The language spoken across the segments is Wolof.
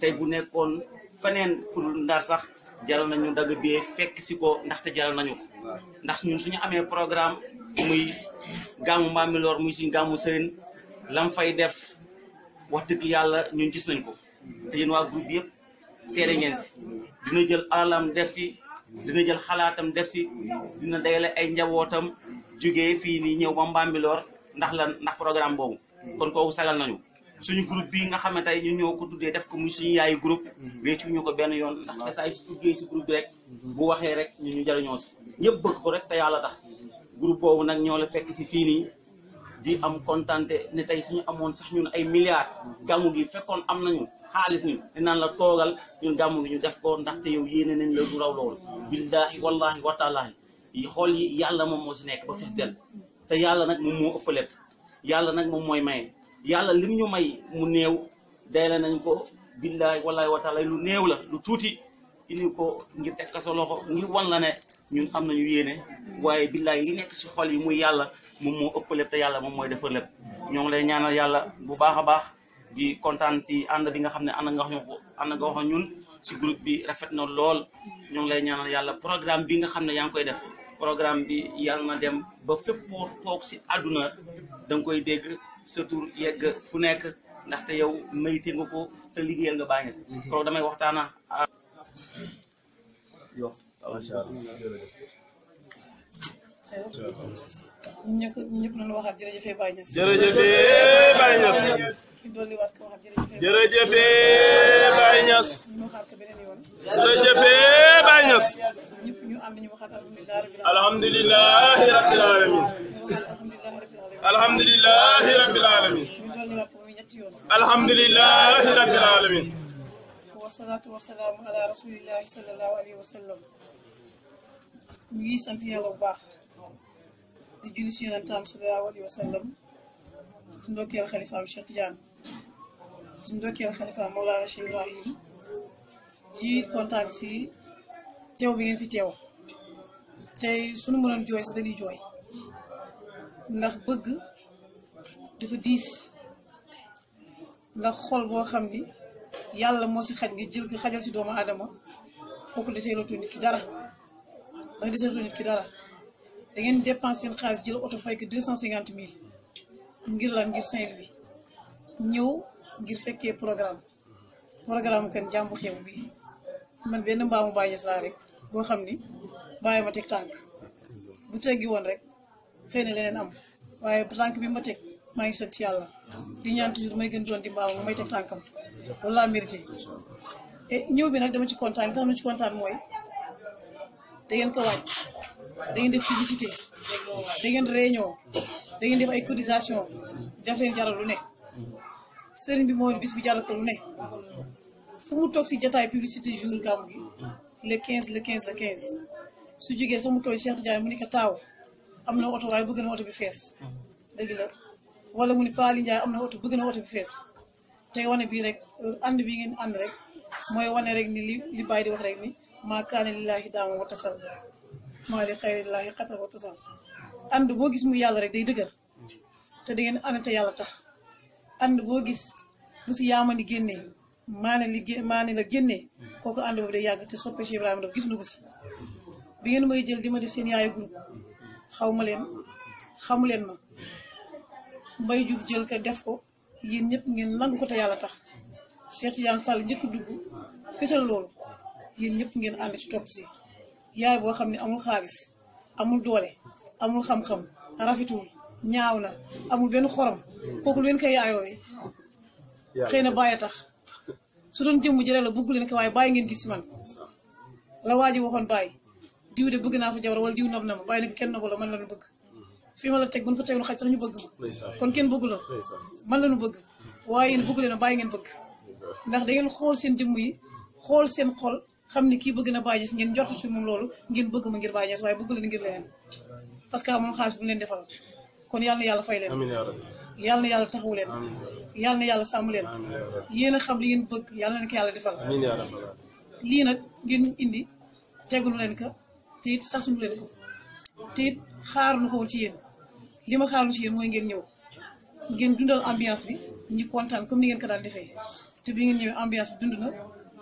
tey bu nekkoon feneen pour Ndar sax jaral nañu dagg bee fekk si ko ndaxte jaral nañu ko ndax ñun suñu amee programme muy gàmmu Mbambilor muy si gàmmu Sëriñ lam fay def wax dëgg yàlla ñu gis nañ ko mm-hmm. te yéen waa groupe yëpp seere ngeen si mm-hmm. dina jël alalam def si dina jël xalaatam def si mm-hmm. dina dajale ay njabootam jógee fii nii ñëw ba Mbambilor ndax la ndax programme boobu kon kooku sagal nañu suñu groupe bi nga xam ne tey ñun ñoo ko tuddee def ko muy suñu yaayu groupe. Mm-hmm. wéccu ko benn yoon ndax dafay duggee si groupe mm-hmm. bu waxee rek ñu ñu jariñoo si. ñëpp bëgg ko rek te yàlla tax mm-hmm. groupe boobu nag ñoo la fekk si fii nii di am kontante ne tey suñu amoon sax ñun ay milliards. gàmmu gi fekkoon am nañu. xaalis ñu naan la toogal ñu gàmmu gi ñu def ko ndaxte yow yéene nañ la lu raw loolu xool yi yàlla moom moo si nekk ba fees te yàlla nag moom moo ëpp lépp yàlla nag moom mooy maye yàlla lim ñu may mu néew dayle nañ ko billaay wallaay wa taala lu néew la lu tuuti indi ko ngir teg ko sa ngir wan la ne ñun am na nañu yéene waaye billaay li nekk si xool yi muy yàlla moom moo ëpp lépp te yàlla moom mooy defar lépp ñoo ngi lay ñaanal yàlla bu baaxa baax di kontaan si ànd bi nga xam ne ànd nga wax ànd nga wax ñun si groupe bi rafet na lool ñoo ngi lay ñaanal yàlla programme bi nga xam ne yaa ngi koy def programme bi yàlla na dem ba fépp foo toog si àdduna da koy dégg surtout yegg fu nekk ndaxte yow mayte nga ko te liggéeyal nga bàyyi si. damay waxtaan ak. yow. macha allah. ñëpp nañu waxaat jërëjëf Baye Niass. jërëjëf Baye Niass. alhamdulilah rabbil alamin alhamdulilah rabbil alamin alhamdulilah rabbil alamin wasalaatu wasalaamu ala rasulillahi salallahu alayhi wa sallam ñu ngi sant yàlla bu baax di julli si yonentaam salallahu alayhi wa sallam di ndokkeel xalifaam Cheikh Tidiane di ndokkeel xalifaam ji kontaan si teew bi ngeen fi teew te sunu mënoon jooy sax dañuy jooy ndax bëgg dafa diis ndax xol boo xam ni yàlla moo si xaj nga jël nga xajal si doomu aadama ko desee lootu nit ki dara danga desee lootu nit ki dara da ngeen dépense seen xaalis jël oto fay ko deux cent cinquante mille ngir lan ngir Saint-Louis ñëw ngir fekkee programme programme kan jàmbu xew bi man benn mbaamu bàyyi laa boo xam ni bàyyi ma teg tànk bu teggi woon rek xëy na leneen am waaye bu tànk bi ma teg maa ngi sant yàlla di ñaan toujours may gën doon di mbaamu may teg tànkam loolu laa mérité et eh, ñëw bi nag dama ci kontaan li tax ma ci kontaan mooy da ngeen ko waaj def publicité da ngeen réunion da ngeen def ay cotisation def leen jaral lu ne sëriñ bi moo bis bi jaral ko lu ne fu mu si jataay publicité jour gàmm gi le quinze le quinze le 15. su jógee sax mu tooy Cheikh Tidiane mu ni ko taaw am na oto waay bëgg na oto bi fees dëgg la wala mu ni Paali Ndiaye am na oto bëgg na oto bi fees te wane bii rek ànd bi ngeen ànd rek mooy wane rek ni li li bàyyi di wax rek ni maa kaane lillaahi daama wa tasal maa li xayri lillaahi xata wa tasal ànd boo gis mu yàlla rek day dëgër te da ngeen ànd te yàlla tax ànd boo gis bu si yaama ni génnee maa ne li maane la génnee kooku ànd boobu yàgg te soppe Cheikh Ibrahima daf gis nu ko si bi ngeen may jël di ma def seen yaayu groupe xaw ma leen xamu leen ma Mbaye Diouf jël ko def ko yéen ñëpp ngeen nangu ko te yàlla tax Cheikh Tidiane sal njëkk dugg fësal lool yéen ñëpp ngeen ànd ci topp si yaay boo xam ne amul xaalis amul doole amul xam-xam rafetul ñaaw na amul benn xorom kooku lu leen koy yaayoowe xëy na bàyyi tax su doon jëmm jëlee la bëggu leen ko waaye bàyyi ngeen gis man la waa ji waxoon diw de bëgg naa fa jabar wala diw nob na ma waaye nag kenn nobu la man la nu bëgg fii ma la teg bu ñu fa tegul xaj sax ñu bëgg ma kon kenn bëggu la man la nu bëgg waaye yéen bëggu leen bàyyi ngeen bëgg xool seen xool xam ne kii bëgg na Baye Niass ngeen jortu ci moom loolu ngeen bëgg ma ngir Baye Niass waaye bëggu leen ngir leneen parce que amoon xaalis bu ñu leen defal kon yàlla na yàlla fay leen yàlla na yàlla taxawu leen yàlla yàlla sàmm leen yéen a xam li ngeen bëgg yàlla na ko yàlla defal lii nag ngeen indi tegulu leen ko te it sasuñu leen ko te it xaaruñu ko ci yéen li ma xaaru ci yéen mooy ngeen ñëw ngeen dundal ambiance bi ñu kontaan comme ni ngeen ko daan defee te bi ngeen ñëwee ambiance bi dund na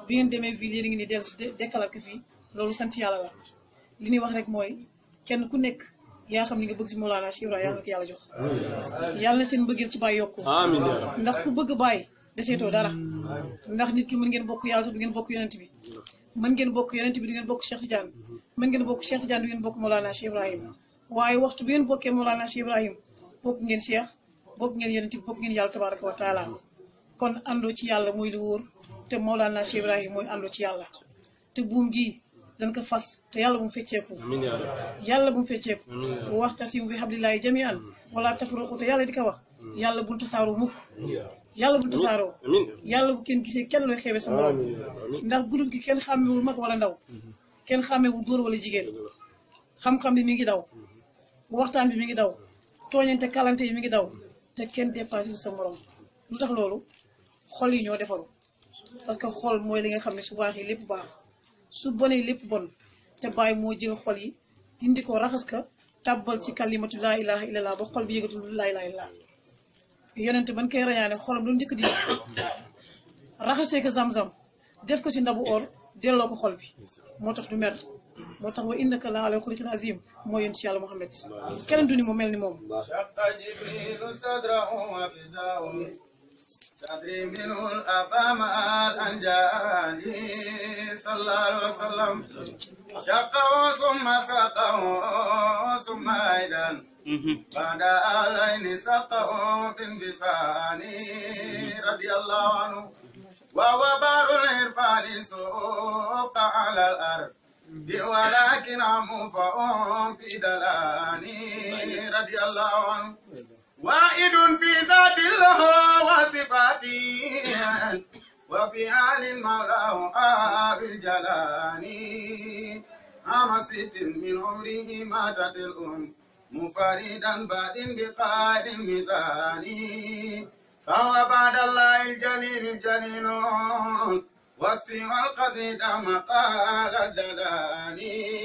bi ngeen demee ville yéen a ngi nii dellu si dekkalaat ko fii loolu sant yàlla la li ñuy wax rek mooy kenn ku nekk yaa xam ni nga bëgg si Mawlana Cheikh Ibrahima yàlla na ko yàlla jox yàlla na seen mbëggeel ci bàyyi yokku ndax ku bëgg bàyyi deseetoo dara ndax nit ki mën ngeen bokk yàlla te du ngeen bokk yonent bi mën ngeen bokk yonent bi bokk Cheikh mën ngeen bokk Cheikh Tidiane bi ngeen bokk Mawlana Cheikh Ibrahima waaye waxtu bi ngeen bokkee Mawlana Cheikh Ibrahima bokk ngeen Cheikh bokk ngeen yonent bokk ngeen yàlla tabaraka wa taala kon àndoo ci yàlla muy li wóor te Mawlana Cheikh Ibrahima mooy àndoo ci yàlla te buum gi dañ ko fas te yàlla bu mu fecceeku yàlla bu mu fecceeku waxtasimu bi hablillahi jami'an wala tafruqu te yàlla di ko wax yàlla bul tasaaroo mukk yàlla bul tasaaroo yàlla bu kenn gisee kenn looy xeebe sa ndax groupe gi kenn xàmmewul mag wala ndaw mhm. kenn xàmmewul góor wala jigéen xam-xam bi mi ngi daw waxtaan bi mi ngi daw tooñante kalante yi mi ngi daw te kenn dépassé wu sa morom lu tax loolu xool yi ñoo defaru parce que xool mooy li nga xam ne su baax yi lépp baax su bonee lépp bon te bàyyi moo jël xool yi dindi ko raxas ka tàbbal ci kalimatu laa ilaha illallah ba xol bi yëgatul laa ilaha illallah yonente ban koy rañaane xolam lu njëkk di raxasee ko zam sam def ko si ndabu or delloo ko xol bi moo tax du mer moo tax wa innaka la ala xuluqin azim moo yonent yàlla Muhammad keneen du ni mu mel ni moom صدري منه الأبام الأنجاني صلى الله عليه وسلم شقه ثم سقه ثم أيضا بعد أذين سقه بن بساني رضي الله وهو بار العرفان سوق على الأرض ولكن عم فأم في دلاني رضي الله عنه وائد في ذات الله وصفاته وفي آل مولاه أبي الجلاني عام ست من عمره ماتت الأم مفردا بعد بقائد ميزاني فهو بعد الله الجليل الجليل والسوى القدر دام قال الدلاني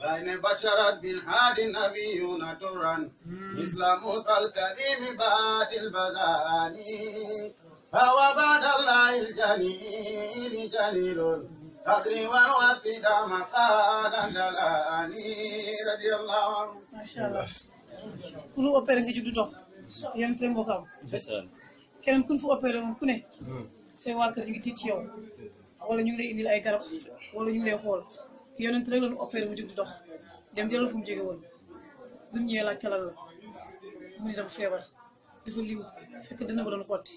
بين بشرت بالحاد نبينا درا مثل موسى الكريم بعد البداني فهو بعد الله الجليل جليل تقريبا وفي دام قال الدلاني رضي الله عنه ما شاء الله كل أوبرنج جدو yonent rek moo ko am. keneen ku ñu fa opéré woon ku ne. Hmm. seen waa kër ngi tiit ci yow. wala ñu ngi lay indil ay garab wala ñu ngi xool yonent rek la ñu opéré mu di dox dem jëlal fu mu jóge woon bu ñu ñëwee laajte lan la mu ne dafa feebar dafa liw fekk dina ko doon xotti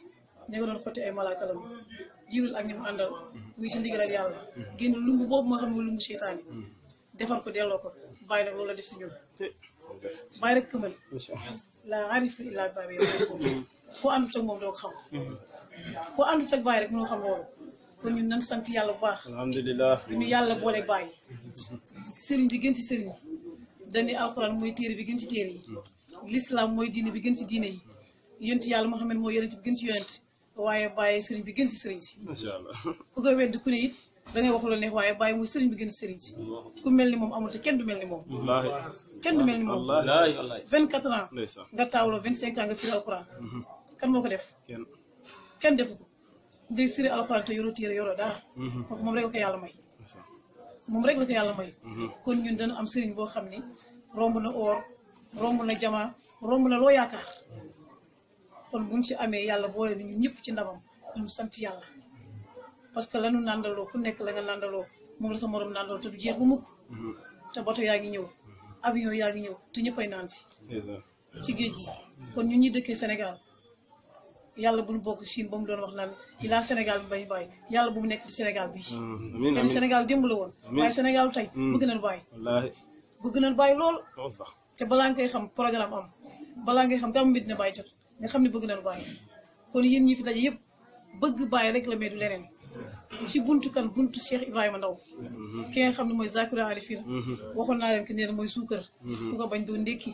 ña nga doon xotti ay malaaka la jiwul ak ñi mu àndal wuy ci ndigalal yàlla hmm. génn lumb boobu ma xam ne lumb seytaane hmm. defar ko delloo ko bàyyi nag loolu def si ñun. bàyyi rek këmal la arif illa bàyyi ko àndu ak moom doo ko xam ko àndu ak bàyyi rek mënoo xam loolu kon ñun nan sant yàlla bu baax alhamdulilah ñu yàlla boole bàyyi sëriñ bi gën ci sëriñ yi dani alquran mooy téere bi gën ci téere yi l'islam mooy diine bi gën ci diine yi yonent yàlla Muhammad mooy yonent bi gën ci yonent waaye bàyyi sëriñ bi gën ci sëriñ si ku ko wedd ku ne dangay wax lu neex waaye bàyyi muy sëriñ bi gën a sëriñ si ku mel ni moom amul kenn du mel ni moom kenn du mel ni moom vingt quatre ans nga taawloo vingt cinq ans nga firi alxuraan mhm. kan moo ko def kenn defu ko ngay firi alxuraan te yoroo téere yoroo dara mhm. kooku moom rek la yàlla may moom mhm. kon ñun dana am sëriñ boo xam ni romb na or romb na jamaa romb na loo yaakaar kon buñ ci amee yàlla boole nañu ñëpp ci ndamam ñu sant yàlla parce que lanu nàndaloo ku nekk la nga nàndaloo moom la sa morom nàndaloo te du jeex bu mukk mhm. te bato yaa ngi ñëw avion yaa ngi ñëw te ñëppay naan si ci géej gi kon ñu ñuy dëkke Sénégal yàlla bu ñu bokk Chine ba mu doon wax naan ilaa Sénégal bi bañ bàyyi bu mu nekk ci Sénégal bi mhm. amiin Sénégal démb la woon waaye Sénégal tey mhm. bëgg nañ bàyyi bëgg nañ bàyyi lool te balaa nga koy xam programme am balaa ngay xam gàmmu Medina Baye jot nga xam ne bëgg nañ bàyyi kon yéen ñi fi daje yëpp bëgg bàyyi rek la mais ci buntu kan buntu Cheikh Ibrahima Ndaw mhm. ki nga xam ne mooy Zakura Alifir mhm. waxoon naa leen que nee na mooy suukar mhm. ku ko bañ doo ndékki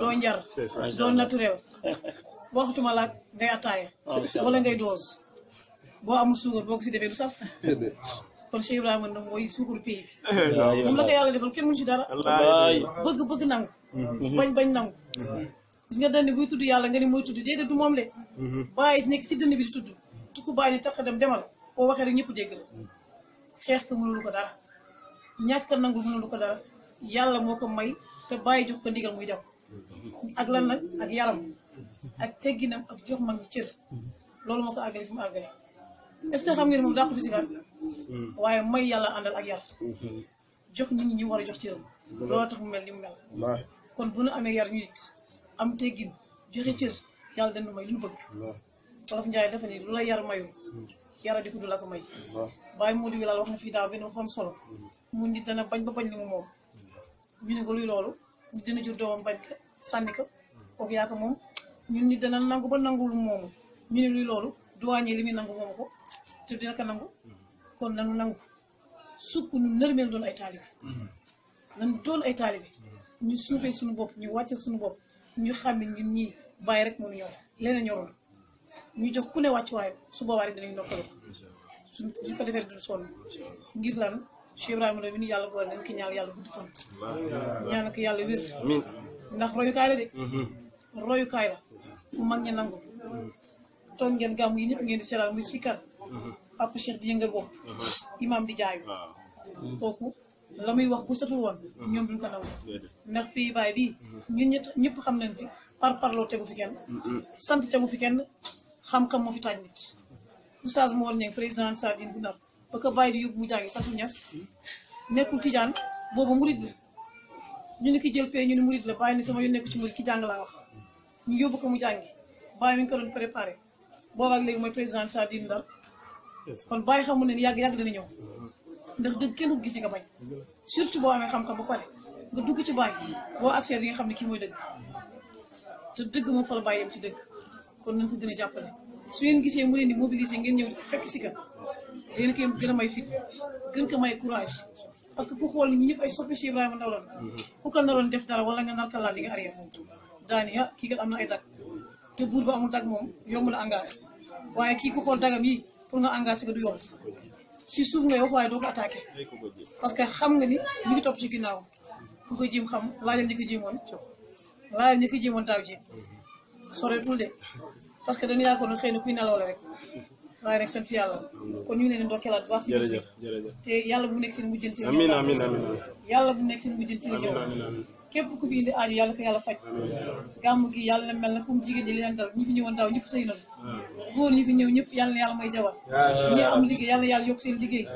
doo njar doo naturel waxtuma laak ngay attaaya wala ngay doos boo amul suukar boo ko si defee du saf kon Cheikh Ibrahima Ndaw mooy suukar pays bi eh, moom la ko yàlla defal kenn mënu ci dara bëgg bëgg nangu bañ bañ nangu gis nga dënn buy tudd yàlla nga ni mooy tudd déedéet du moom de bàyyi nekk ci dënn bi di tudd tukku bàyyi ni tax dem demal boo waxee rek ñëpp dégg la xeex ko mënulu ko dara ñàkk a nangu mënulu ko daal yàlla moo ko may te bàyyi jox ko ndigal muy dem ak lan nag ak yaram ak tegginam ak jox mag moo ko àggale fi mu ngeen moom dàqu fi waaye may yàlla àndal ak yar jox nit ñi ñu war a jox cëram loolu tax mu mel ni mu mel kon bu nu amee yar ñu nit am teggin joxe cër yàlla dana may lu ñu bëgg wolof njaay dafa lu la yar mayu yara di ko dul ak may bàyyi moo di wilaal wax na fii daaw benn solo mu nit dana bañ ba bañ li mu moom ñu ne ko luy loolu nit dina jur doomam moom ñun nit dana nangu ba nangu lu moomu ñu ne luy loolu li muy nangu moomu ko te dina ko nangu kon nanu nangu sukk nu nërmeel doon ay taalibi nanu doon ay taalibi ñu suufee suñu bopp ñu wàcce suñu bopp ñu xam ne ñun ñii rek mënu ñor leneen ñorul ñu jox ku ne wàccuwaayam su boobaa rek dinañ noppalu suñ suñ ko defee duñ ngir lan Cheikh Ibrahima la mi nu yàlla boole dañ ko ñaan yàlla gudd fan ñaan ko yàlla wér ndax royukaay la de mhm. royukaay la bu mag ñi nangu mhm. toog ngeen gàmm yi ñëpp ngeen di seetaan muy sikkar mhm. papa Cheikh di yëngal bopp imaam di jaayu kooku la muy wax bu satul woon ñoom duñ ko nangu ndax pays baay bii ñun ñett ñëpp xam nañ fi par parloo tegu fi kenn sant tegu fi kenn xam-xam moo fi taaj nit oustaz moo Niang président Sadine bu nar ba ko bàyyi di yóbbu mu jàngi sax ñas nekkul tijaan boobu murid la ñu ni ki jël pee ñu ni murid la bàyyi ni sama nekku ci murid ki jàng laa wax ñu yóbbu ko mu jàngi bàyyi mi ngi ko doon préparé boobaak léegi mooy président Sadine Ndar kon bàyyi xam ne yàgg yàgg dana ñëw ndax dëgg kenn ko gis di nga bañ surtout boo amee xam-xam ba pare nga dugg ci bàyyi boo accès di nga xam ne kii mooy dëgg te dëgg fa la bàyyi yem ci dëgg kon nañ ko gën a jàppale su ngeen gisee mu leen di mobiliser ngeen ñëw fekk si ka dangeen koy fit gën may courage parce que ku xool ñi ñëpp ay soppe si Ibrahima Ndaw mhm. ku ko def dara wala nga narka laa di nga arrière daani ah kii kat am na ay dag te buur ba amul dag moom yomb la engagé waaye kii ku xool dagam yi pour nga engagé ko du yomb si suuf ngay wax waaye doo ko parce que xam nga ni ñu ngi topp ci ginnaaw ku ko jéem xam laajal ñi ko jéemoon laajal ñi ko jéemoon daaw jéem mhm. soreetul de parce que dañu yaakaaroon xëy na kuy nelaw la rek waaye rek sant yàlla kon ñu ngi leen di ndokkeelaat bu baax si bis bi te yàlla bu nekk seen mujjante amiin amiin ñëw képp ku fi indi aaju yàlla ko yàlla faj gàmm gi yàlla na mel na comme jigéen ñi li leen dal fi ñëwoon daaw ñëpp sëy nañu góor ñi fi ñëw ñëpp yal na yàlla may jabar ñi am liggéey yal na yàlla yokk seen liggéey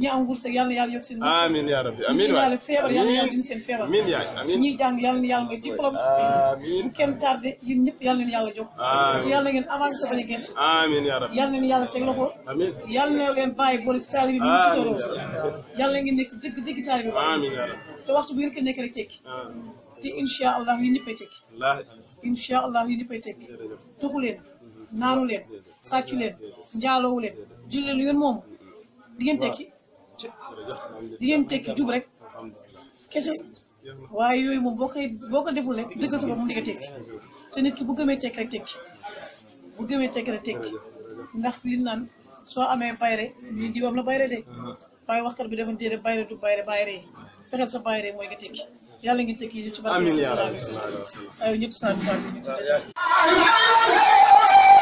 ñi am wërsëg yal na yàlla yokk seen wërsëg amiin yaa rabbi amiin ñi feebar yal na seen feebar amiin yaay amiin ñi jàng yal na yàlla may diplôme bu kenn tardé yéen ñëpp yal leen yàlla jox te yal na a gëstu amiin yaa rabbi yal na leen yàlla teg loxo yal na leen bàyyi boole si taalibe bi ñu ci yal na ngeen nekk dëgg dëgg taalibe bi amiin yaa rabbi te waxtu bu ngeen ko nekk rek tekki te incha allah yu allah yu ñëppay tekki tuxu leen naanu leen sàccu leen njaaloowu leen julli lu yoon di ngeen tekki di ngeen tekki jub rek kese waaye yooyu moom boo koy boo ko deful rek dëgg sa bopp moom di nga tekki te nit ki bu gëmee tekki rek tekki bu gëmee tekki rek tekki ndax li naan soo amee bayre ñii diwam la bayre de waaye waxkat bi dafa déedéet bayre du bayre bayre yi fexeel sa bayre mooy nga tekki yàlla ngeen tekki yi ci barke amiin yaa rabbi sallallahu alayhi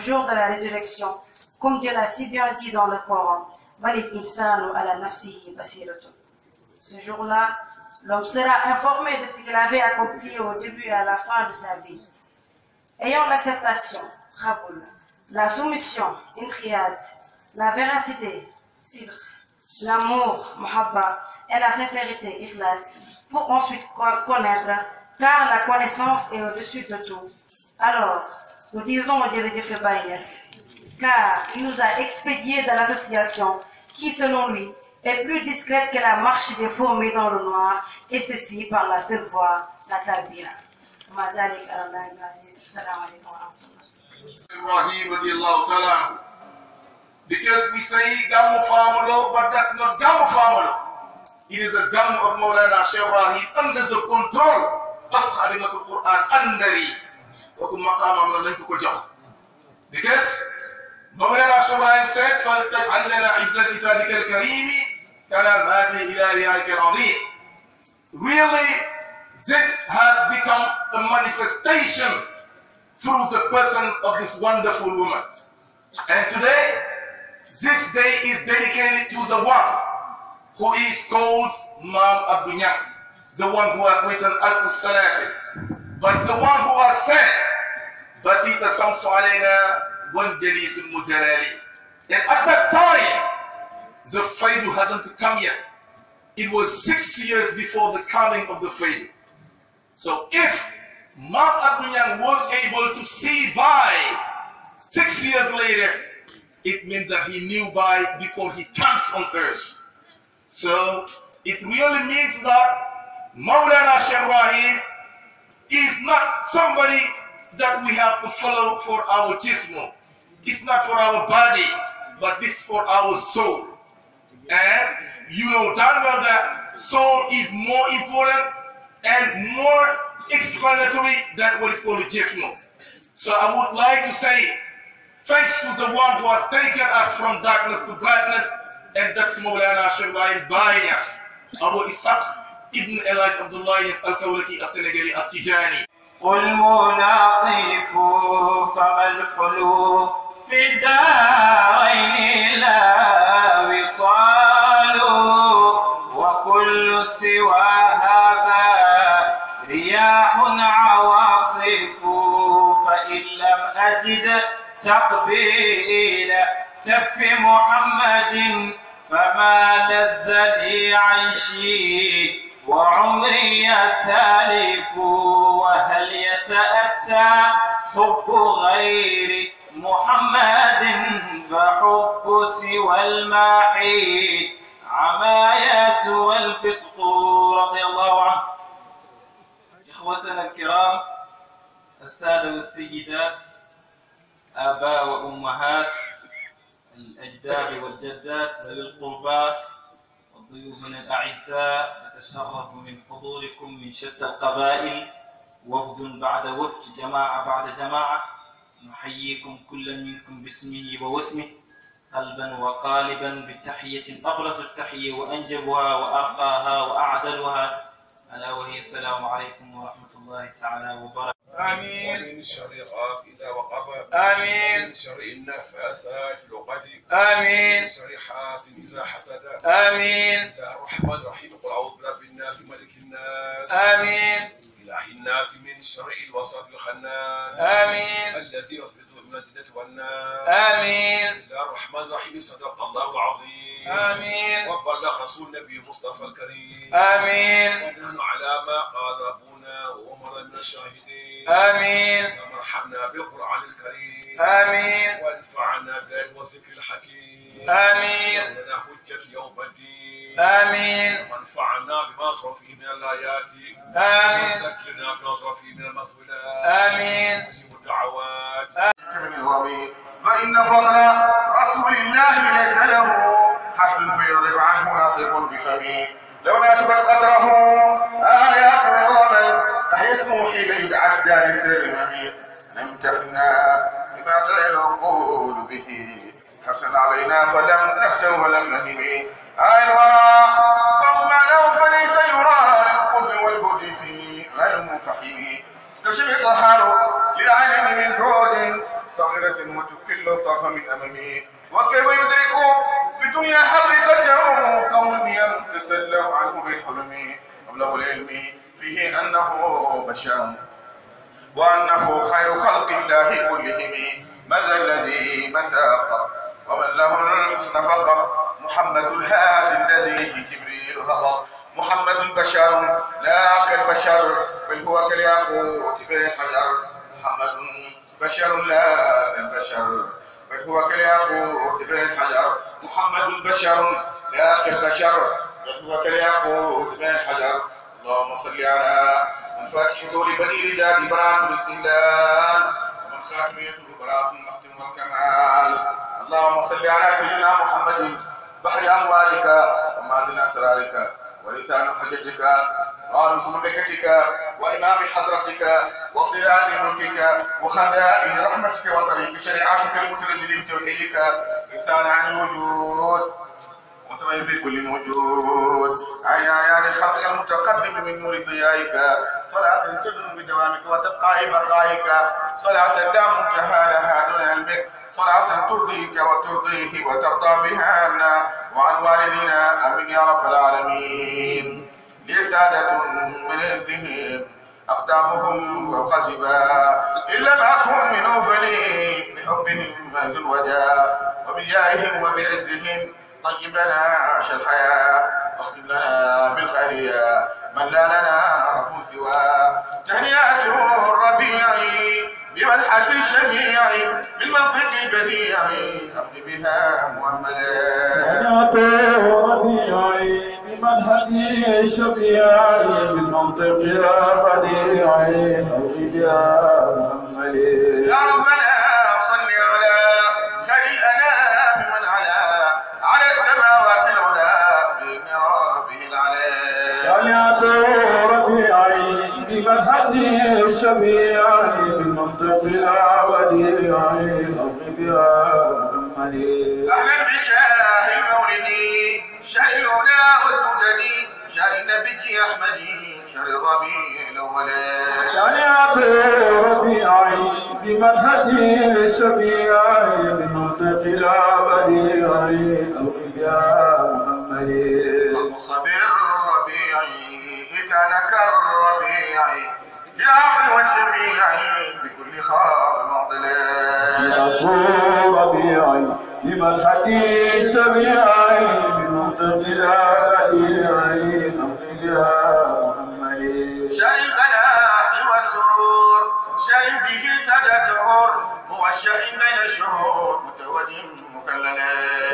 jour de la résurrection, comme Dieu l'a si dans le Coran. Ce jour-là, l'homme sera informé de ce qu'il avait accompli au début à la fin de sa vie. Ayant l'acceptation, la soumission, intriyat, la véracité, l'amour, muhabba, et la sincérité, ikhlas, pour ensuite connaître, car la connaissance est au-dessus de tout. Alors, Nous disons Dieu Baïnès, car il nous a expédiés dans l'association qui, selon lui, est plus discrète que la marche des paumés dans le noir, et ceci par la seule voie, la tabia. Mazalik Ibrahim radiallahu ta'ala because we say Gamu Famalo, but that's not Gamu Famalo. It is a Gamu of Mawlana Shaykh Ibrahim under the control of Kalimatul Quran, under kooku maqaamam la nañ ko ko jox di gis mawlana Soubrahim Seck faltaj annana izzat itaadika alkarimi kala maati ila riyaika alazim really this has become the manifestation through the person of this wonderful woman and today this day is dedicated to the one who is called Mam Abdou the one who has written Al-Salati but the one who has said بسيط الشمس علينا والجليس المتلالي And at that time, the Pharaoh hadn't come yet. It was six years before the coming of the Pharaoh. So if Mount Abdunyan was able to see by six years later, it means that he knew by before he comes on earth. So it really means that Maulana Sheikh is not somebody that we have to follow for our jism. It's not for our body, but it's for our soul. And you know that well that soul is more important and more explanatory than what is called jism. So I would like to say thanks to the one who has taken us from darkness to brightness, and that's Mawlana Shemraim buying us. Abu Ishaq Ibn Elijah Abdullah Al-Kawlaki Al-Senegali tijani والمناطيف فما الحلو في الدارين لا وصال وكل سوى هذا رياح عواصف فإن لم أجد تقبيل كف محمد فما لذ لي عيشي وعمري يتالف وهل يتأتى حب غير محمد فحب سوى الماحي عمايات والفسق رضي الله عنه إخوتنا الكرام السادة والسيدات آباء وأمهات الأجداد والجدات ذوي القربى ضيوفنا الأعزاء نتشرف من حضوركم من شتى القبائل وفد بعد وفد جماعة بعد جماعة نحييكم كلا منكم باسمه ووسمه قلبا وقالبا بتحية أغلظ التحية وأنجبها وأرقاها وأعدلها ألا وهي السلام عليكم ورحمة الله تعالى وبركاته آمين ومن شر غاسق وقبر آمين ومن شر النفاثات في العقد آمين ومن شر حاسد إذا حسد آمين يا رحمن الرحيم قل أعوذ برب الناس ملك الناس آمين إله الناس من شر الوسواس الخناس آمين الذي يوسوس من الجنة والناس آمين يا الرحمن الرحيم صدق الله العظيم آمين وبلغ رسول النبي المصطفى الكريم آمين ونحن على ما قال أبو ومر من الشاهدين آمين وارحمنا بالقرآن الكريم آمين وانفعنا بالعلم والذكر الحكيم آمين لنا حجة يوم الدين آمين وانفعنا بما صرفه من الآيات آمين وذكرنا بما صرفه من المسؤولات آمين مجيب الدعوات آمين فإن فضل رسول الله ليس له حد فيضرب عنه ناطق بفمه لولا تبقى قدره اسمه حين يتعدى لسلمه نمتنا بما سيقول به حسن علينا فلم نفتن ولم نهم آي الورى فاغمى له فليس يرى للقلب والبدء في غير منفحم تشبه الحر للعالم من جود صغيرة وتكل الطرف من أمامه وكيف يدرك في الدنيا حقيقته كون يم تسلم عنه بالحلم قبله العلم فيه أنه بشر وأنه خير خلق الله كلهم ماذا الذي مساق ومن له الحسن فقط محمد الهادي الذي جبريل هضر محمد بشر لا كالبشر بل هو كالياقوت بالقدر محمد بشر لا كالبشر بل هو كالياقوت بالحجر محمد بشر لا كالبشر بل هو كالياقوت بالحجر اللهم صل على الفاتح طول بني رجال براءة الاستهلال ومن خاتم يطلب براءة المختم والكمال اللهم صل على سيدنا محمد بحر أموالك ومعدن أسرارك ولسان حجتك وعن مملكتك وإمام حضرتك واقتراء ملكك وخدائن رحمتك وطريق شريعتك المتردد بتوحيدك لسان عن الوجود وسمعي في كل وجود عيا يعني خلقك المتقدم من نور ضيائك صلاة تدوم بدوامك وتبقى بقائك صلاة لا منتهى لها دون علمك صلاة ترضيك وترضيه وترضى بها عنا وعن والدينا امين يا رب العالمين لسادة من انسهم أقدامهم وخزبا إن لم أكن من أوفلي بحبهم مهد الوداع وبجاههم وبعزهم طيب لنا عاش الحياة واختم لنا بالخير يا من لا لنا رب سوى تهنئة الربيع بملحة الشميع بالمنطق البديع أقضي بها مؤملا تهنئة الربيع بملحة الشميع بالمنطق البديع أقضي بها مؤملا جميعا منطق العودي عين بها مليء أهلا بشاه المولدي شهلنا والمدني شاه النبي أحمدي شهر ربيع الأولى شهر ربيع بمنهجي سبيع بمنطق العودي عين بها مليء المصبر ربيعي إذا لك الربيعي بالله وجميعا بكل خار معضلين أبو ربيعي بمدحتي سبيعي بمنطقها بديعي منطقها محمد شيء البلاء والسرور شيء به سجد هو الشيء بين الشهور متوج مكلل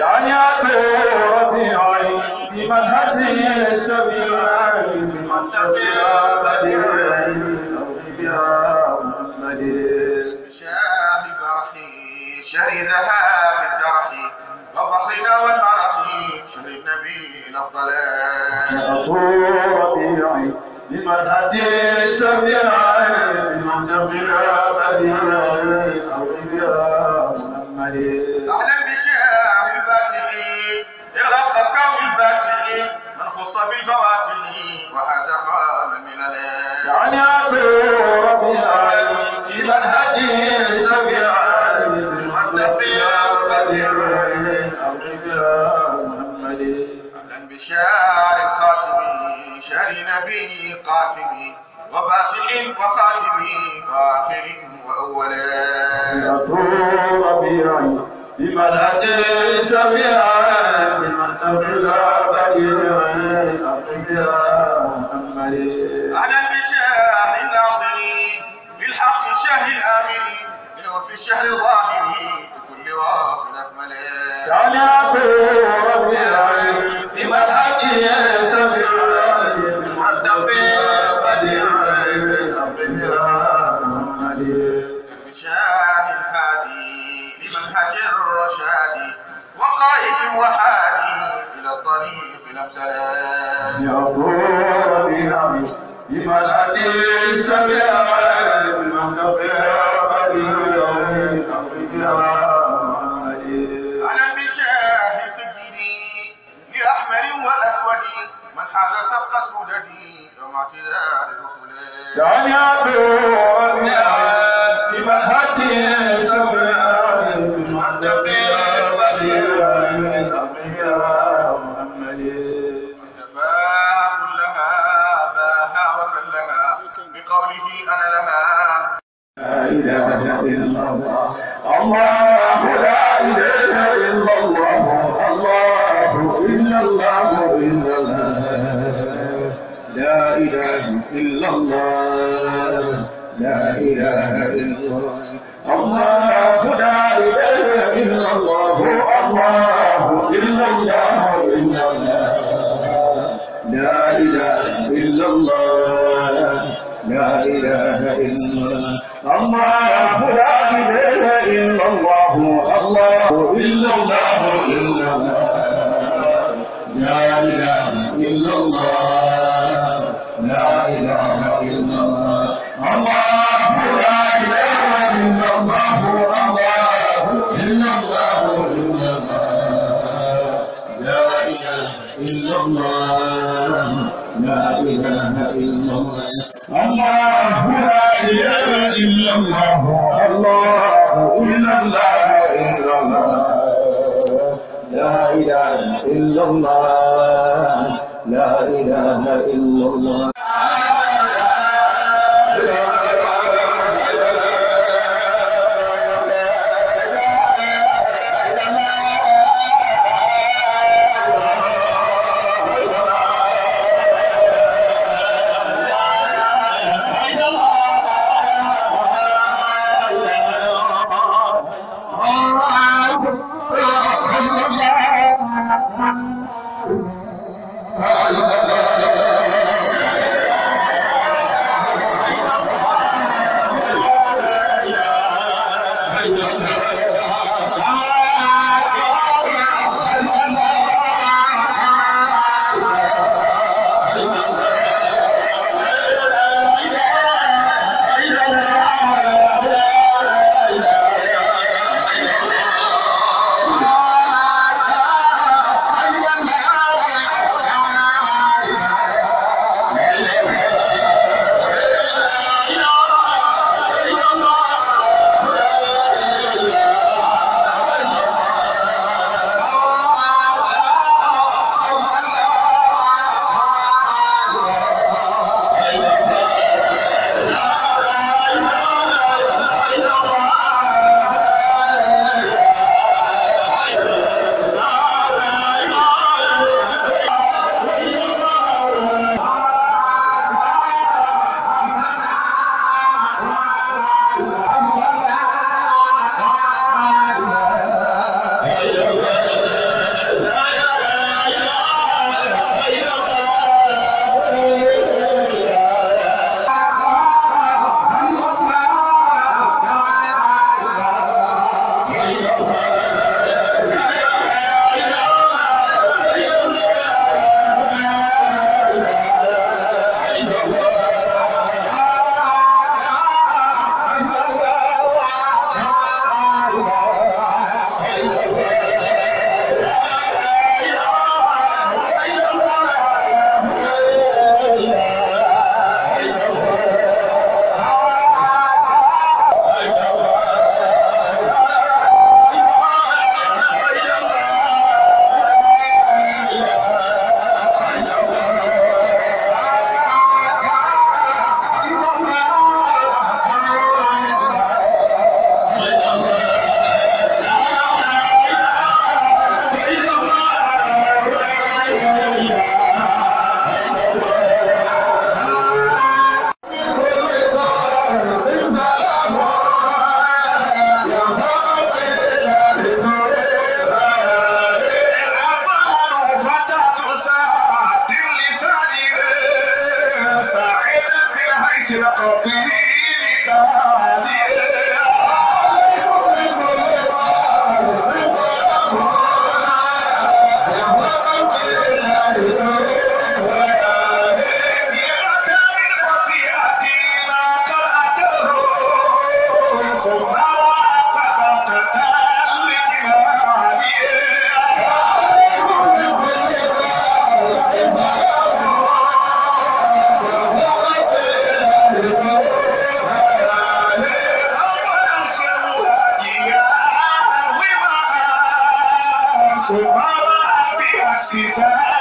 يعني أبو ربيعي tó bá wà bí àṣìṣe.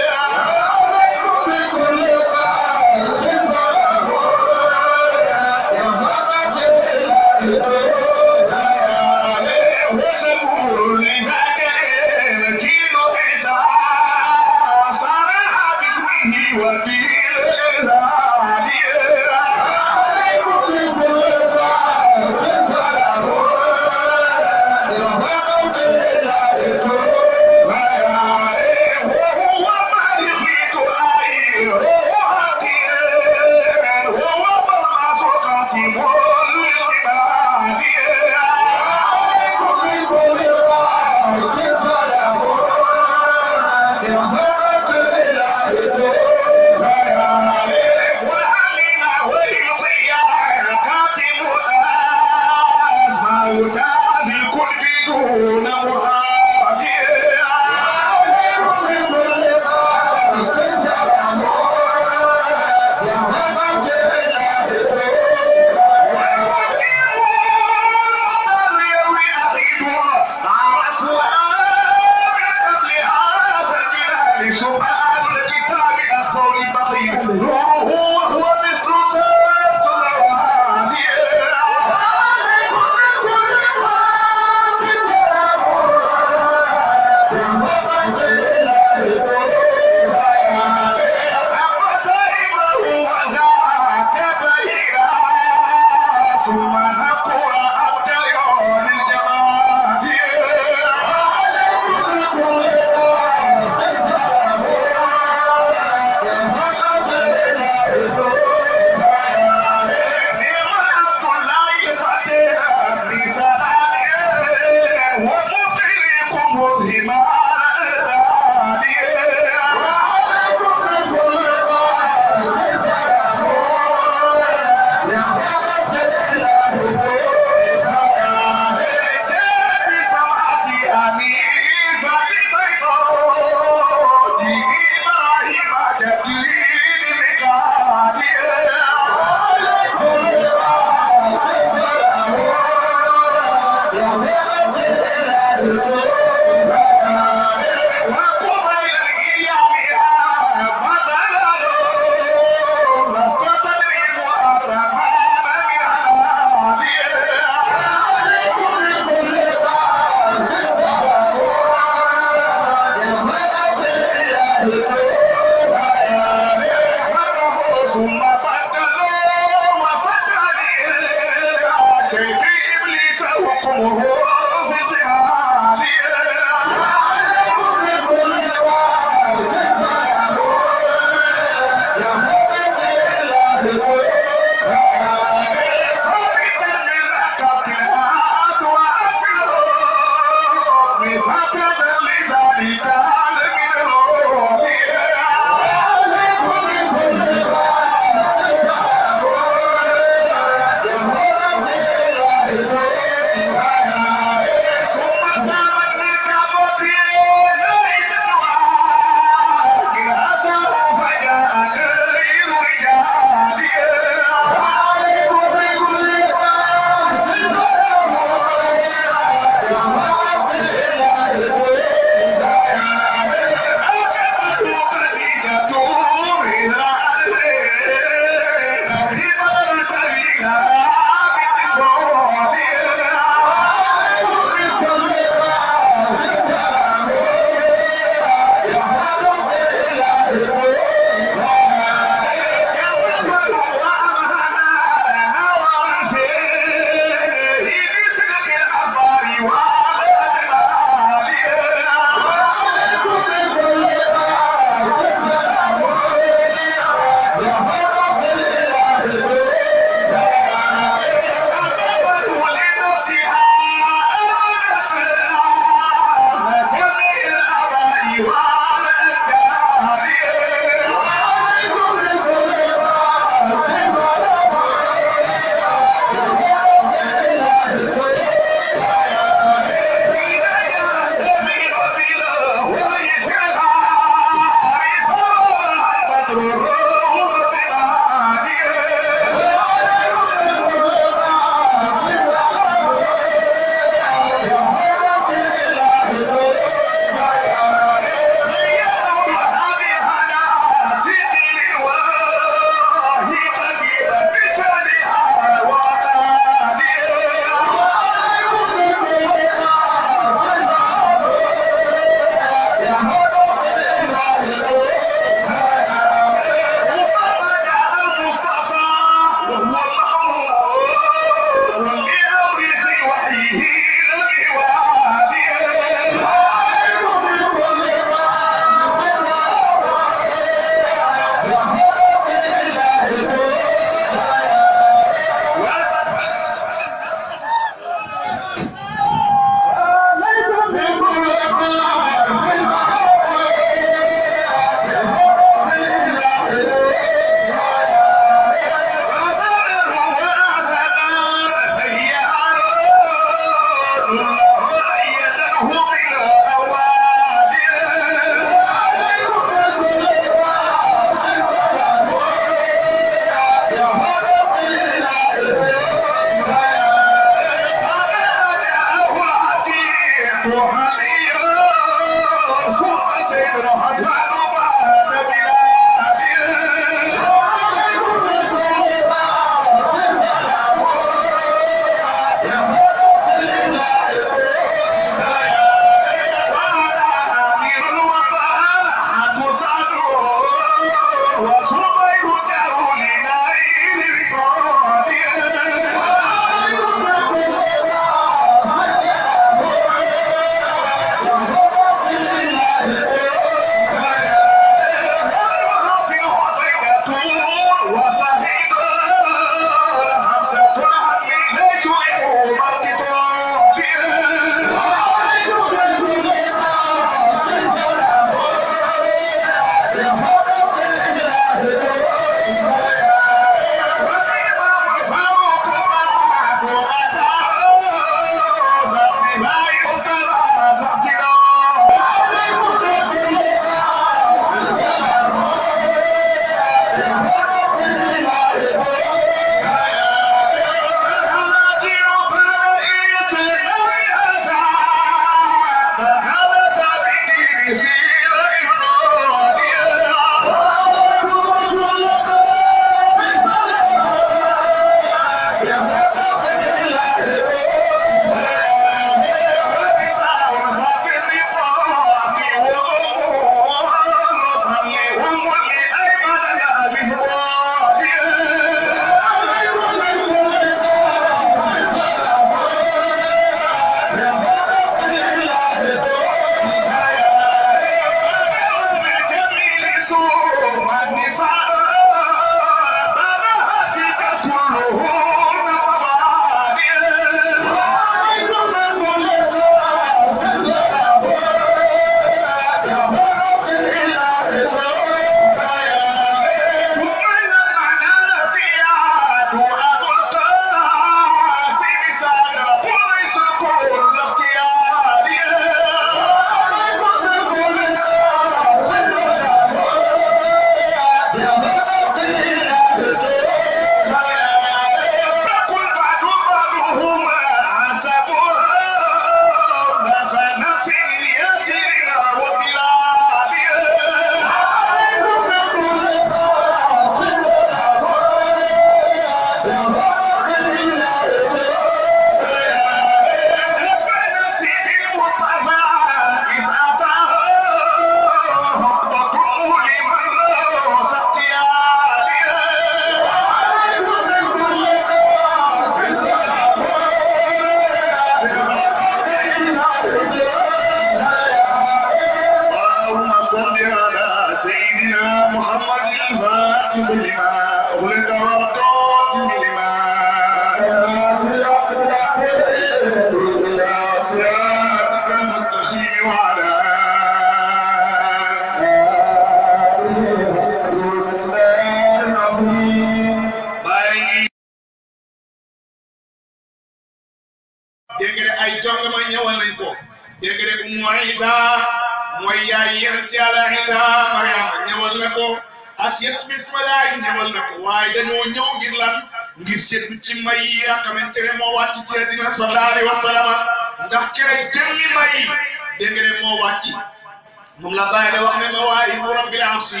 moom la bàyyi da wax ne mawaahibu rabbil arsi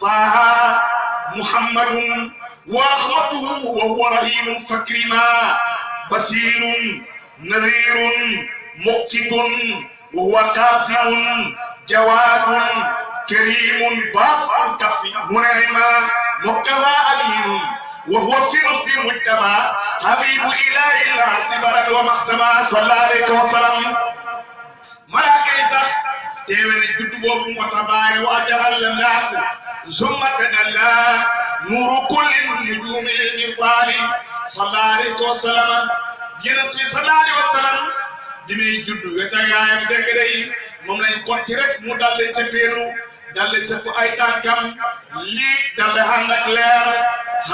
taaha muhammadun wa axmatuhu wa huwa rahimun fakrima basirun nadirun muqtidun wa huwa kaasirun jawaadun karimun baaqun kafi munayma muqtaba aminu وهو في رشد مجتمع حبيب إله العرش برد ومحتمى صلى عليه وسلم ملاك إسحاق teewere juddu boobu moo tax baay waajaral la laahu zumma tadalla nuuru kulli nujuumi min taali sallallahu alayhi wa sallam yonent bi sallallahu alayhi wa sallam bi muy juddu weta yaayam dégg day moom lañ konti rek mu dalle ca péeru dalle sa ko ay tànkam lii dalle ànd ak leer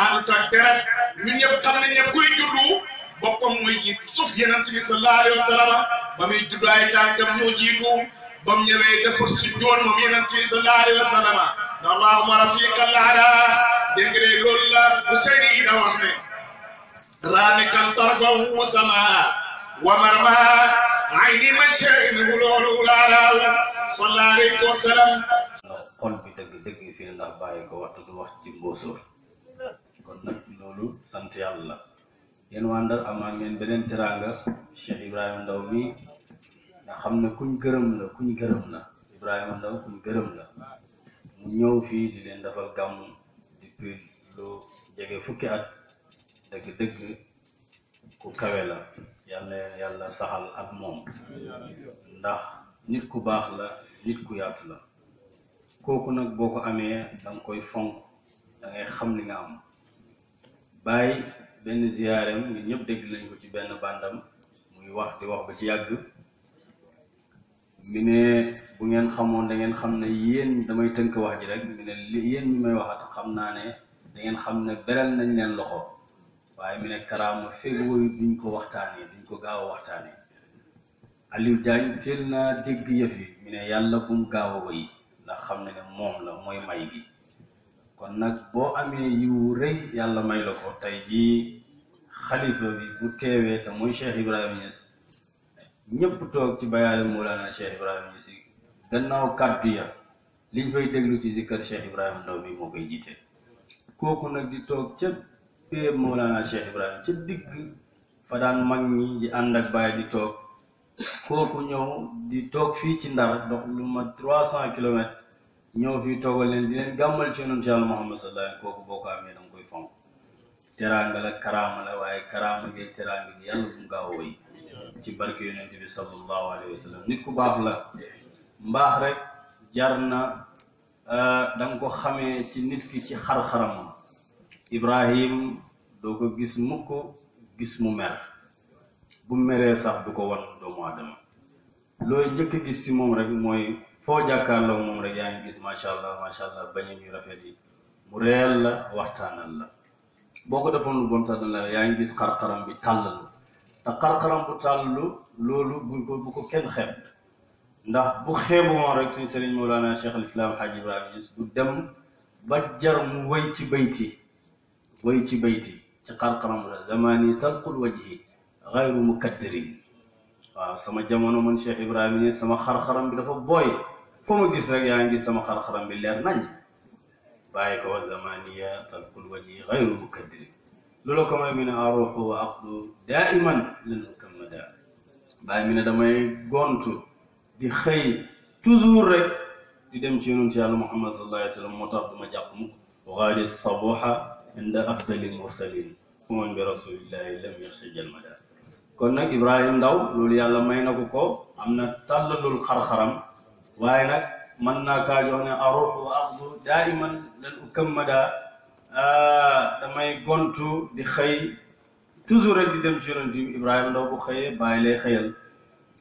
ànd ak deret ñu ñëpp xam ne ñëpp kuy juddu boppam mooy jiitu suuf yonent bi sallallahu alayhi wa sallam ba muy juddu ay tànkam ñoo jiitu ba mu ñëwee dafa sujjoon moom yonent bi sallallahu alayhi wa sallam allahumma rafiqal ala dégg nga loolu la Ousseynou Ida wax wa marma ayni mashaa'in loolu laalaaw sallallahu alayhi wa sallam xol bi dëgg dëgg fii ndax bàyyi ko waxtu wax ci mbóosóor kon nag loolu sant yàlla yéen waa beneen teraanga Cheikh Ibrahima Ndaw ndax xam na kuñ gërëm la kuñ gërëm la Ibrahima Ndaw kuñ gërëm la mu ñëw fii di leen defal gàmm depuis lu jege fukki at dëgg-dëgg ku kawe la yàlla yàlla saxal ak moom ndax nit ku baax la nit ku yaatu la kooku nag boo ko amee danga koy fonk da xam li nga am bàyyi benn ziyaareem ñun ñëpp dégg nañ ko ci benn bàndam muy wax di wax ba ci yàgg mi ne bu ngeen xamoon da ngeen xam ne yéen damay tënk wax ji rek mi ne yéen may waxat xam naa ne da ngeen xam ne beral nañ leen loxo waaye mi ne karaama feeg woyu duñ ko waxtaanee duñ ko gaaw a waxtaanee Aliou Diagne teel naa dégg yëf yi mi ne yàlla bum gaaw a woyi ndax xam ne ne moom la mooy may gi kon nag boo amee yiw rëy yàlla may la ko tey jii xalifa bi bu teewee te muy Cheikh Ibrahima Niass ñëpp toog ci bayaanu Mawlana Cheikh Ibrahima ñu si gannaaw kàddu ya liñ fay déglu ci zikkar Cheikh Ibrahima Ndaw bi moo koy jiite kooku nag di toog ca pee Mawlana Cheikh Ibrahima ca digg fa daan mag ñi di ànd ak bàyyi di toog kooku ñëw di toog fii ci Ndar dox lu ma trois cent kilomètres ñëw fii toogal leen di leen gàmmal ci noonu Cheikh Muhammad sallallahu alayhi kooku boo ko amee danga koy fonk teraanga la karaama la waaye karaama gi teraanga gi yàlla bu ngaa woy ci barke yonent bi sallallahu alayhi wa nit ku baax la mbaax rek jar na euh, da ko xamee ci nit ki ci xar-xaramam Ibrahim doo ko gis mukk gis mu mer bu meree sax du ko wan doomu aadama looy njëkk gis ci moom rek mooy foo jàkkaarloo moom rek yaa ngi gis macha allah macha allah bañ ñu rafet yi mu reel la waxtaanal la boo ko defoon lu bon sax yaa ngi gis xar-xaram bi tàll te xar-xaram bu tàllalu loolu buñ ko bu ko kenn xeeb ndax bu xeeboon rek suñ sëriñ Mawlana Cheikh al Islam Hadj Ibrahima Niass du dem ba jar way ci bayti way ci bayti ci xar-xaram la zamani talqul wajhi gayru mukaddirin waaw sama jamono man Cheikh Ibrahima Niass sama xar-xaram bi dafa booy foo ma gis rek yaa ngi sama xar-xaram bi leer nañ bàyyi ko zamaniya talkul waji xayru mukaddiri loolu ko may mi ne aruxu wa aqdu daa iman lan mukammada bàyyi mi ne damay gontu di xëy toujours rek di dem ci yonent yàlla muhammad sallallahu alayhi wa sallam moo tax duma jàpp mu waxaali sabuha inda afdalil mursalin umam bi rasulillahi lam may na ko ko am na tàllalul xar-xaram waaye man naa kaa jox ne aroxu wa axdu daiman lan ukammada ah, damay gontu di xëy toujours rek di dem ci yonent bi Ibrahima Ndaw bu xëyee bàyyi lay xëyal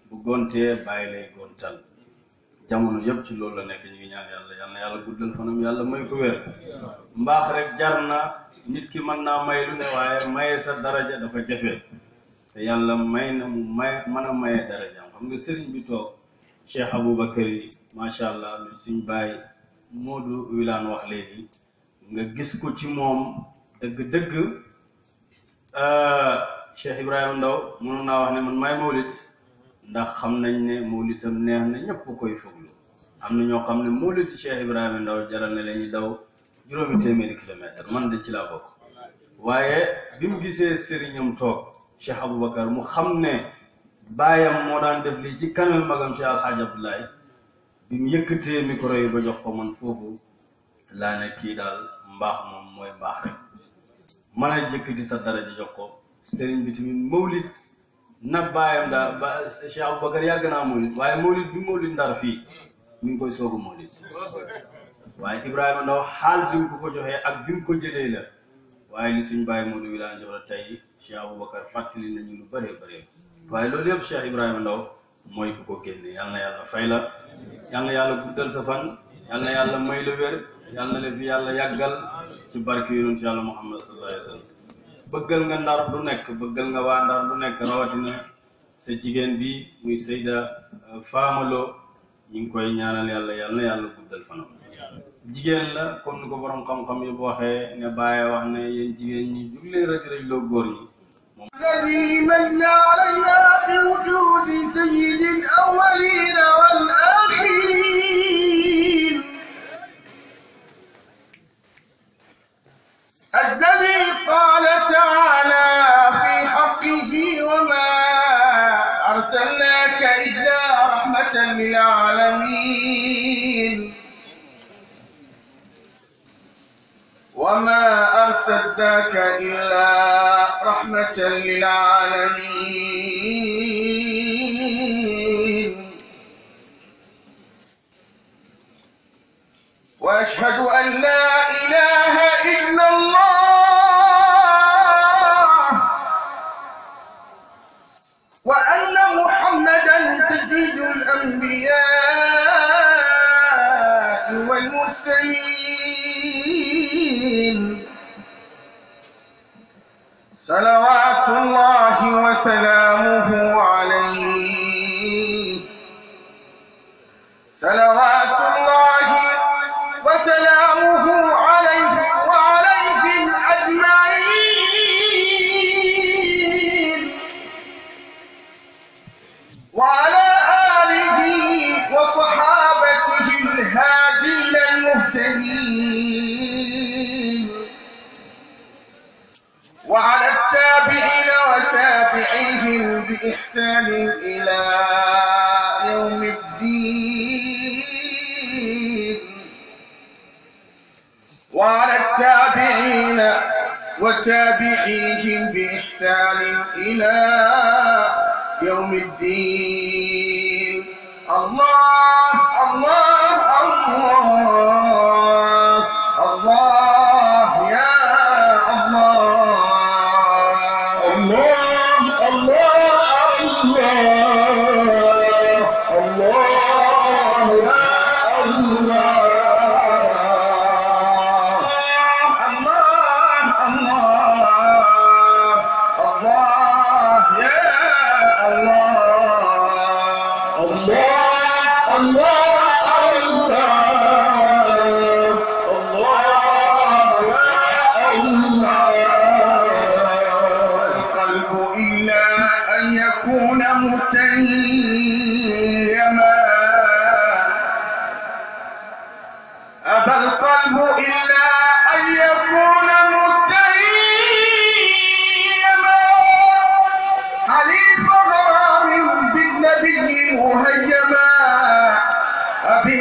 bu gontee bàyyi gontal jamono yëpp ci loolu la nekk ñu ngi yàlla yal na yàlla guddal fanam yàlla may ko wér mbaax rek jar na nit ki mën naa may lu ne waaye maye sa daraja dafa jafe te yàlla may na mu may mën a maye darajam xam nga sëriñ bi toog Cheikh Aboubacar yi macha allah lu suñ bàyyi Moodu Wilane wax léegi nga gis ko ci moom dëgg-dëgg ah, Cheikh Ibrahima Ndaw mënoon na wax ne man maay mawlit ndax xam nañ ne mawlitam neex na ñëpp koy foglu am na ñoo xam ne mawlit Cheikh Ibrahima Ndaw jaral na la ñu daw juróomi téeméeri kilomètre man de ci laa bokk waaye bi mu gisee sëriñam toog Cheikh Aboubacar mu xam ne. baayam moo daan def lii ci kanam magam Cheikh Alxaaj Abdoulaye bi mu yëkkatee micro yi ba jox ko man foofu laa ne kii daal mbaax moom mooy mbaax rek mën a yëkkati sa dara ji jox ko sëriñ bi na baayam daal ba Cheikh Aboubacar yàgg naa mawlid waaye mawlid bi mawlid ndar fii mi ngi koy soogu mawlid waaye Ibrahima ndaw xaal bi mu ko ko joxee ak bi mu ko jëlee la waaye li suñ bàyyi Modou Wilane jox la tey Cheikh Aboubacar fàttali nañu lu bëree bëree. waaye loolu yëpp Cheikh Ibrahima Ndaw mooy ku ko génne yal yàlla fay la yal na yàlla guddal sa fan yàlla may la wér yal la fi yàlla yàggal ci barke yonent yàlla Muhammad sallallahu alayhi wa sallam bëggal nga ndar lu nekk bëggal nga waa ndar lu nekk rawatina sa jigéen bi muy Seyda euh, Fama ñu ngi koy ñaanal yàlla yal yàlla guddal fanam jigéen la comme ni ko borom xam-xam yëpp waxee ne bàyyi wax ne yéen jigéen ñi jug leen rëj loo góor ñi الذي من علينا بوجود سيد الأولين والآخرين الذي قال تعالى في حقه وما أرسلناك إلا رحمة للعالمين وما أرسلناك إلا رحمة للعالمين وأشهد أن لا إله إلا الله وأن محمدا سيد الأنبياء والمرسلين صلوات الله وسلامه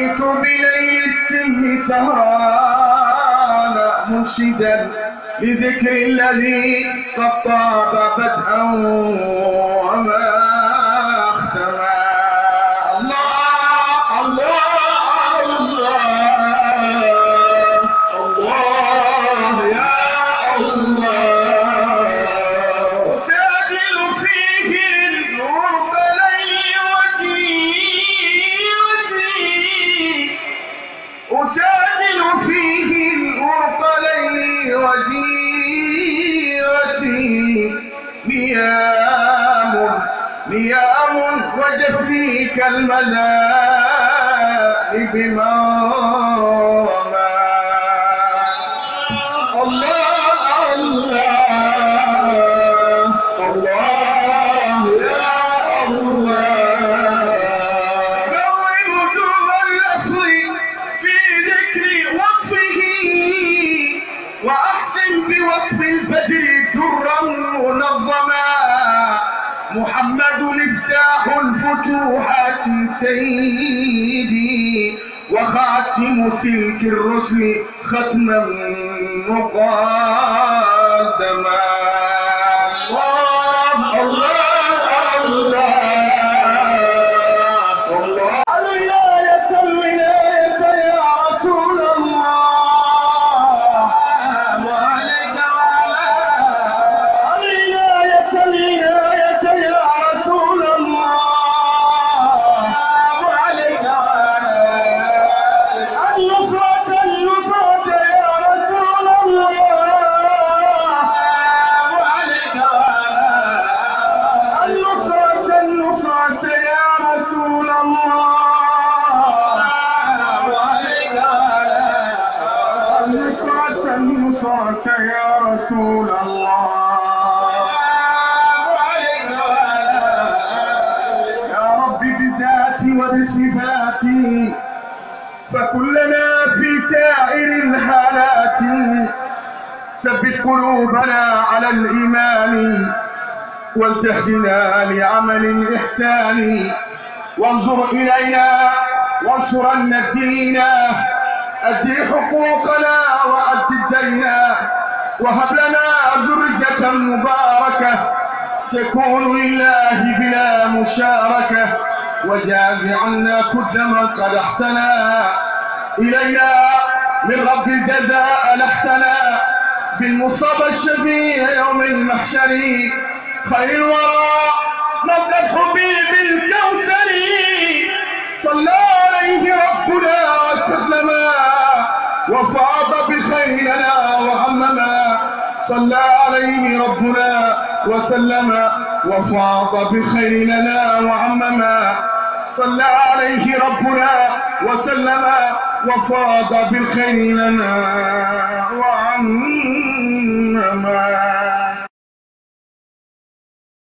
أتيت بليلة سهران مرشدا لذكر الذي قد طاب بدءا وما لنا سلك الرسل ختما مقام واجتهدنا لعمل إحساني وانظر إلينا وانصرن الدين أدي حقوقنا وأدي الدينا وهب لنا ذرية مباركة تكون لله بلا مشاركة وجاز عنا كل من قد أحسنا إلينا من رب الجزاء الأحسنا بالمصاب الشفيع يوم المحشر خير الورى نبلت حبي بالكوثر صلى عليه ربنا وسلم وفاض بخير لنا وعمما صلى عليه ربنا وسلم وفاض بخير لنا وعمما صلى عليه ربنا وسلم وفاض بالخير لنا وعمما